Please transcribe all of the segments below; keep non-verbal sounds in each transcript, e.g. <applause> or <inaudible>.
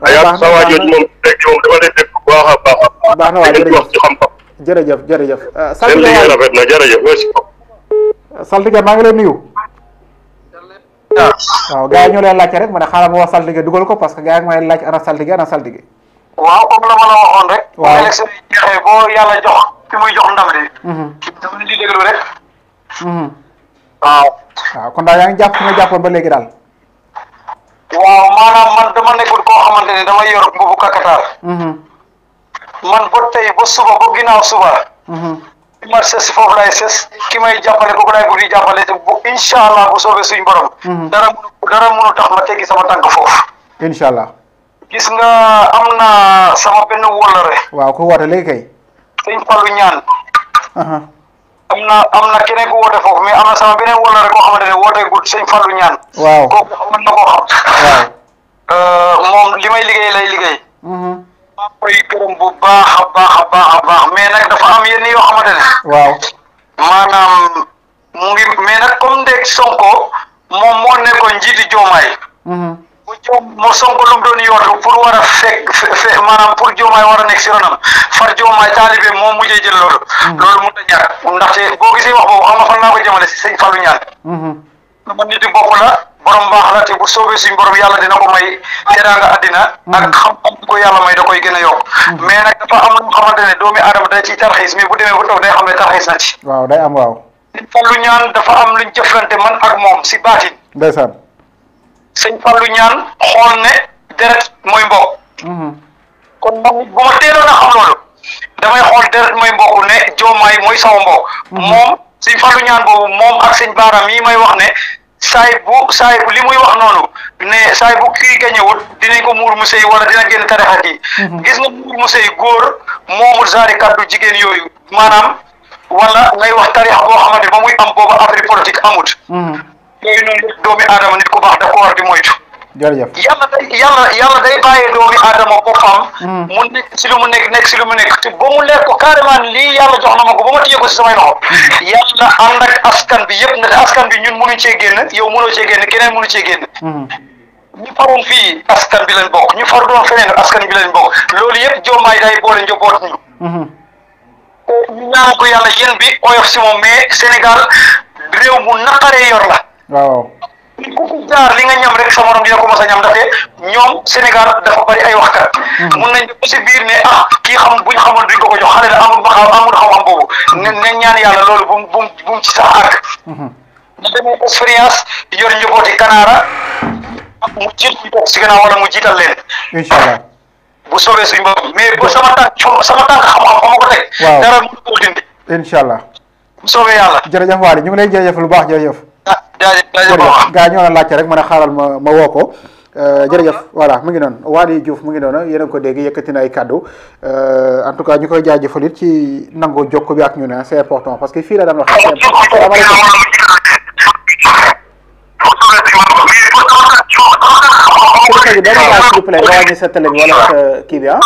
waaw sa waa jooju a baax. jërëjëf wax ci euh, saltige maa ngi lay nuyu. Ah. waaw gars yi ñoo leen laajte rek ma xaaral ma saltige dugal ko parce que gars yi may laaj ana saltige ana saltige. waaw comme la ma la waxoon rek. Mhm. Mhm. waaw kon daal yaa ngi jàpp nga jàppoon ba léegi daal. waaw maanaam man dama nekkul koo xamante ne dama yor mbubu kakataar. Mhm. man ko tey ba suba ko ginnaaw suba. ki mhm. ma foofu laay ses ki may jàppale kooku laay guddi jàppale te bu incha allah bu soobee suñu borom. Mhm. dara dara mënu tax ma teggi sama tànk foofu. incha allah. gis nga am na sama benn wóllare. waaw ku woote léegi kay. sëñ Fallou Ñaan. am na am na keneen ku woote foofu mais am na sama beneen wala rek koo xamante ne woote gudd sëñ Fallou Ñaan. waaw koo xam. Euh, moom li may liggéey lay liggéey. Mm-hmm. maa baax a baax a baax a baax mais nag dafa am yenn yoo xamante ne. waaw maanaam mu ngi mais nag comme ndeg Sonko moom moo nekkoon njiiti Diomaye. Mm-hmm. bu joom mu sonko lum doon yor pour war a fekk fe maanaam pour joomaay war a nekk si ronam far joomaay taalibe moom mujjee jël loolu hmm. loolu mun a ñàkk ndaxte boo ko jëmale si sëñ hmm. bu soobee suñ borom yàlla dina ko may teraanga àddina hmm. ak xam ko yàlla may da koy gën a yokk dafa am lu xamante man ak moom si baatin ndeysaan sëñ Fallou ñaan xool ne deret mooy mbokk. Mhm. kon man bu ma teeloon a xam loolu damay xool deret mooy mbokk ne joomaay mooy sama mbokk. Mhm. moom sëñ Fallou ñaan boobu moom ak sëñ Baaraam mii may wax ne saay bu saay bu li muy wax noonu ne saay bu kii gañewul dinañ ko muur musée yi wala dina génn tarixa yi. Mhm. gis nga muur musée yi góor moomul zaari kàddu jigéen yooyu maanaam wala ngay wax tarix boo xamante ba muy am booba abri politique amut. yooyu noonu yëpp doomi aadama nit ku baax daf ko war di moytu. jërëjëf yàlla day yàlla yàlla day bàyyee doomi hmm. mu nekk si lu mu nekk nekk si lu mu nekk ba mu leer ko lii yàlla jox na ma ko ba ma téye ko si samay loxo. Hmm. yàlla ànd ak askan bi yëpp nag askan bi ñun mënuñ cee génn yow mënoo cee génn keneen mënu cee génn. Hmm. ñu faroon fii askan bi leen bokk ñu far doon feneen askan bi la leen bokk loolu yëpp joomaay day boole njaboot ñu. ñu ñaan ko yàlla yéen bi oyof si moom mais Sénégal réew mu naqaree yor la. waaw. li nga ñam rek sa morom dina ko mos a ñoom Sénégal dafa bari ay waxtaan. Mhm. mun nañ biir ne ah, kii xam buñ xamoon duñ ko ko jox xale la amul ba xam amul mhm. ñaan yàlla loolu bu mu bu mu ci sax àgg. Mhm. mu demee expérience yor njabooti kanaara mu jiit ñu toog si bu soobee suñu bopp mais bu sama tànk sama tànk xam-xam fa ma ko teg. waaw dara mu ko bu soobee yàlla. jërëjëf Waly ñu ngi lay jërëjëf lu baax jërëjëf. gaa ñoo na laajte rek mën a xaaral ma ma woo ko euh, jërëjëf voilà mu ngi noonu Waly Diouf mu ngi noonu yéen a ko dégg yëkkati na ay kàddu euh, en tout cas ñu koy jaajëfal it ci nangoo jokk bi ak ñu ne c'est important parce que fii la daan wax s'il vous plaît nga wàññi sa télé bi wala sa kii bi ah?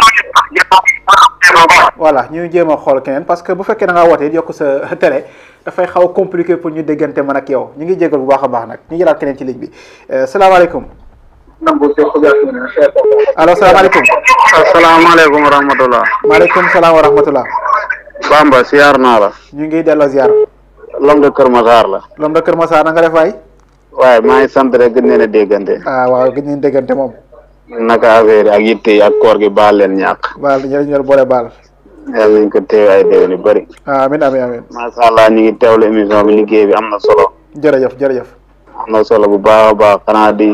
voilà ñu jéem a xool keneen parce que bu fekkee da ngaa woote yokk sa <laughs> télé dafay xaw compliqué pour ñu déggante man ak yow ñu ngi jégal bu baax a baax nag ñu jëlaat keneen ci ligne bi euh, salaamaaleykum. allo salaamaaleykum. asalaamaaleykum wa rahmatulah. maaleykum salaam wa rahmatulah. Bamba siyaar naa la. ñu ngi delloo ziar. Lom de Kër Masar la. Lom de Kër Masar na nga def waaye maa ngi sant rek gën leen a déggante. ah waaw gën leen déggante moom. naka affaire ak yitte yi ak koor gi baal leen ñàkk. baal ñëw ñëw boole baal. ko teew ay déwén yu bëri. amiin amiin amiin. macha allah ñu ngi teewlu émission bi liggéey bi am na solo. jërëjëf jërëjëf. am solo bu baax a baax xanaa di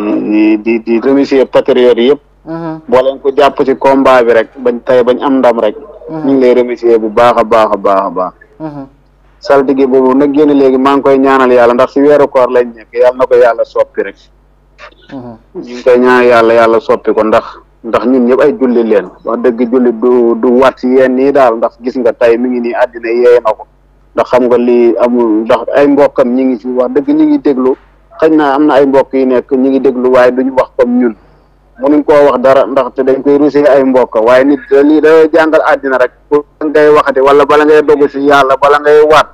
di di remercier patriotes yëpp. Mhm. boo leen ko jàpp ci combat bi rek bañ tey bañ am ndam rek. Mhm. ñu ngi lay remercier bu baax a baax a baax a baax. Mhm. saltige boobu nag génn léegi maa ngi koy ñaanal yàlla ndax si weeru koor lañ nekk yàlla na ko yàlla soppi rek. Mm-hmm. ñu ngi yàlla yàlla soppi ko ndax ndax ñun ñëpp ay julli leen wax dëgg julli du du waat si yéen nii daal ndax gis nga tey mi ngi ni àddina yee na ko ndax xam nga lii amul ndax ay mbokkam ñi ngi ci wax dëgg ñi ngi déglu xëy na am na ay mbokk yi nekk ñi ngi déglu waaye duñu wax comme ñun mënuñ koo wax dara ndax te dañ koy rusee ay mbokk waaye nit lii da jàngal àddina rek pour ngay waxati wala bala ngay dogu si yàlla bala ngay waat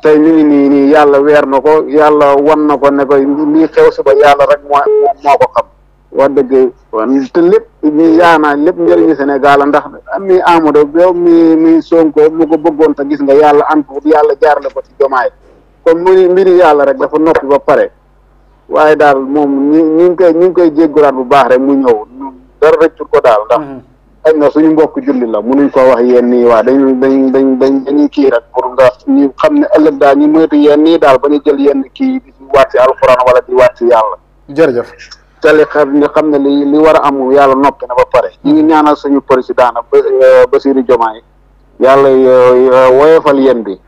tey mu ngi nii nii yàlla weer na ko yàlla wan na ko ne ko lii xew suba yàlla rek moo moo ko xam wax dëgg te lépp mi yaanaa lépp njëriñu Sénégal ndax mi Amadou yow mi mi Sonko mu ko bëggoon te gis nga yàlla ànd ko yàlla jaarale ko ci jomaay kon mu mbiri yàlla rek dafa noppi ba pare waaye daal moom ñu ñu ngi koy ñu ngi koy jégguraat bu baax rek mu ñëw dara rëccul ko daal ndax mm-hmm. xëy na suñu mbokk julli la munuñ koo wax yenn yi waa dañu dañ dañ dañ dañuy kii rek pour nga ñu xam ne ëllëg daal ñu moytu yenn yi daal ba ñu jël yenn kii di waat si alxuraan wala di waat si yàlla jërëjëf te li xam nga xam ne li war a am yàlla noppi na ba pare ñu ngi ñaanal suñu président na euh, Bassirou Diomaye yàlla euh, woyofal yen bi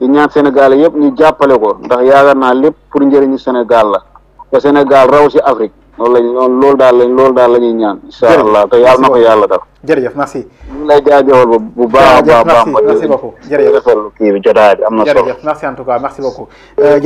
di ñaan Sénégal yëpp ñu jàppale ko ndax yaakaar naa lépp pour njëriñu Sénégal la te Sénégal raw si Afrique loolu lañ noonu loolu daal lañ loolu daal la ñuy ñaan incha allah te yàlla na ko yàlla def jërëjëf merci ngi lay jaajëfal bu baax a baax. merci beaucoup jërëjëf kii bi jotaay bi am na solo jërëjëf merci en tout cas merci euh,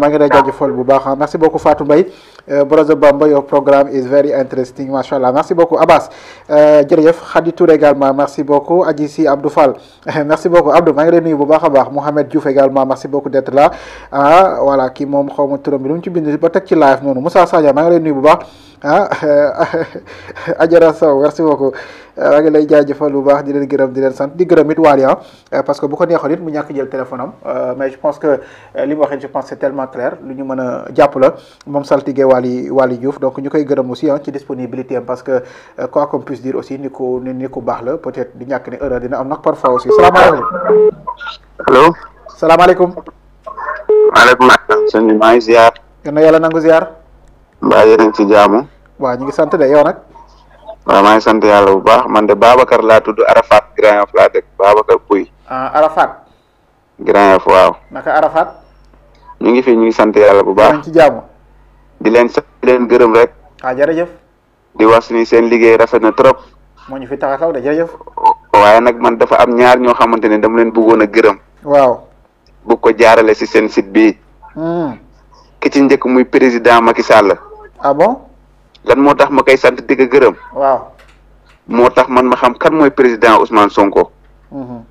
maa ngi bu baax merci beaucoup Fatou Mbaye euh, brother Bamba your programme is very interesting macha allah merci beaucoup Abbas euh, jërëjëf Khady Tour également merci beaucoup Adji Si Abdou Fall <laughs> merci beaucoup Abdou maa nuyu bu baax a baax Mouhamed Diouf également merci beaucoup d'être là ah voilà kii moom xaw ma turam bi lu mu ci bind ba teg ci live noonu Moussa Sadia maa nuyu bu baax. ah eh, Ajara <laughs> Sow merci beaucoup maa ngi lay jaajëfal lu baax di leen gërëm di leen sant di gërëm it Waly ah, eh, parce que bu ko neexoon it mu ñàkk jël téléphone am euh, mais je pense que eh, li waxee je pense lu ñu mën a jàpp la moom saltige Waly Waly donc ñu koy gërëm aussi ah, ci disponibilité am parce que quoi qu'on puisse dire aussi ni ko baax la peut-être di ñàkk ne erreur dina am nag parfois aussi salaamaaleykum. allo. salaam. sëñ bi maa ngi na yàlla nangu ziar. mbaa yéen a ci jaamu. waaw ñu ngi sant de yow nag. waaw maa ngi sant yàlla bu baax man de kar laa tudd Arafat Grand Yoff laa dëkk Babacar Pouy. ah Arafat. Grand Yoff waaw. naka Arafat. ñu ngi fi ñu ngi sant yàlla bu baax ci jaamu. di leen leen gërëm rek. ah jërëjëf. di wax ni seen liggéey rafet na trop. moo ñu fi tax a kaw de jërëjëf. waaye nag man dafa am ñaar ñoo xamante ne dama leen bëggoon a gërëm. waaw. bu ko jaarale si seen site bi hmm. ki ci njëkk muy président Macky Sall. ah bon lan moo tax ma koy sant di gërëm waaw moo tax man ma xam kan mooy président Ousmane Sonko mhm.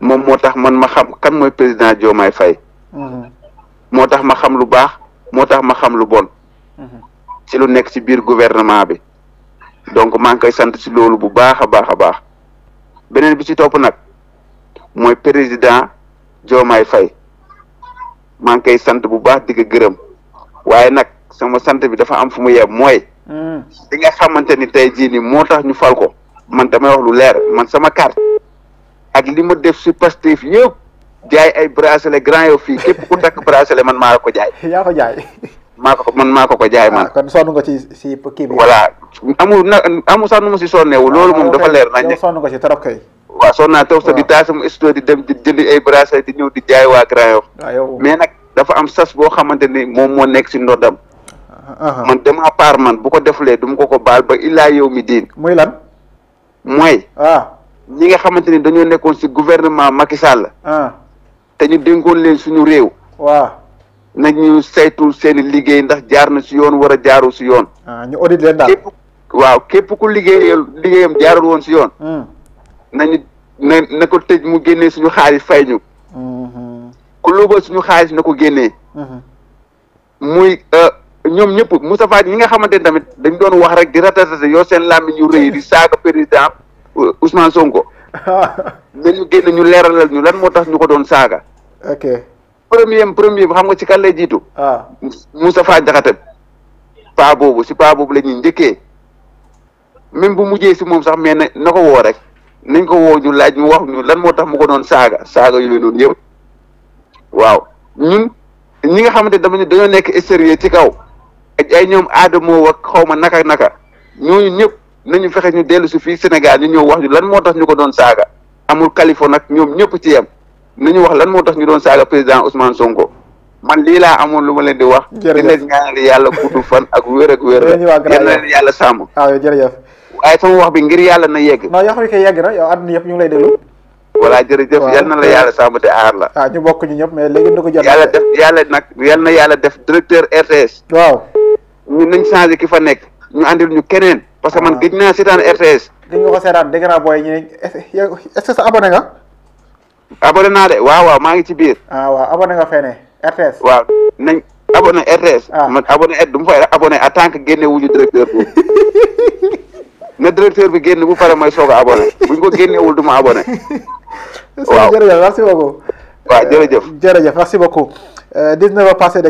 moom moo tax man ma xam kan mooy président Diomaye fay mhm. moo tax ma xam lu baax moo tax ma xam lu bon mhm. ci lu nekk ci biir gouvernement bi donc maa ngi koy sant ci loolu bu baax a baax a baax beneen bi ci topp nag mooy président joomaay fay maa ngi koy sant bu baax di gërëm waaye nag sama sant bi dafa am fu mu yeb mooy. Hmm. li nga xamante ni tey jii nii moo tax ñu fal ko man damay wax lu leer man sama carte ak li ma def si Pastef yëpp jaay ay bracelet grand yow fii képp ku takk bracelet man maa ko jaay. <laughs> yaa jaay. maa ko man maa ko ko jaay man. Ah, kon sonn nga ci si kii bi. voilà amul na amul sax nu ma si sonneewu loolu ah, moom dafa leer nañ. yow sonn nga ci trop kay. waaw sonn dem di ay bracelet di ñëw di jaay waa ah, mais nag dafa am sas boo xamante ni moom moo nekk si ndodam. man dama paar man bu ko defulee du ma ko ko baal ba illaa yow mi diin. muy lan. mooy. Ah. ñi nga xamante ni dañoo nekkoon si gouvernement Macky Sall. Ah. te ñu dénkoon leen suñu réew. nag ñu saytu seen liggéey ndax jaar na si yoon war a jaarul si yoon. Ah, ñu audit leen daal waaw képp ku liggéeyal liggéeyam jaarul woon si yoon. Hmm. nañu na na ko tëj mu génnee suñu xaalis fay ñu. Hmm, hmm. ku luubal suñu xaalis na ko génnee. muy euh, ñoom ñëpp Moustapha ñi nga xamante ni tamit dañu doon wax rek di ratatase yoo seen làmmiñ yu rëy di saaga président euh, Ousmane Sonko. <laughs> dañu génn ñu leeralal ñu lan moo tax ñu ko doon saaga. ok premier premier xam nga ci kan jiitu. ah Moustapha paa boobu si boobu la ñuy njëkkee même bu mujjee si moom sax mais na ko woo rek nañ ko woo ñu laaj ñu wax ñu lan moo tax mu ko doon saaga saaga yooyu waaw ñun ñi nga xamante ne dañoo nekk extérieur ci kaw. ak ay ñoom aadamoo wa xaw ma naka naka ñooñu ñëpp nañu fexe ñu dellu si fii Sénégal ñu ñëw wax ñu lan moo tax ñu ko doon saaga amul Kaliphone ak ñoom ñëpp ci yem nañu wax lan moo tax ñu doon saaga président Ousmane Sonko man lii laa amoon lu ma leen di wax. jërëjëf di na yàlla gudd fan ak wér ak wér. jërëjëf yàlla sàmm. waaw ah, jërëjëf. waaye wax bi ngir yàlla na yegg. non yoo xam ne yegg na yow yëpp ñu ngi lay déglu. voilà jërëjëf yal la yàlla sàmm te aar la. waaw ah, ñu bokk ñu ñëpp mais léegi na ko jot. yàlla def yàlla nag yal na yàlla def directeur RTS. waaw. ñu nañ changé ki fa nekk ñu àndil ñu keneen. parce que man ah. gëj naa seetaan RTS. gëj nga ko seetaan dégg naa nga. abonné naa de waaw waaw maa ngi ci biir. ah waaw abonné nañ abonné RTS. Ah. man abonné et du mu fay rek abonné en tant que génne wuñu directeur boobu. <laughs> na directeur bi génn bu pare may soog a abonné buñ ko génnewul du ma abonné. <laughs> waaw jërëjëf jërëjëf merci beaucoup. 19 euh, euh, heures passées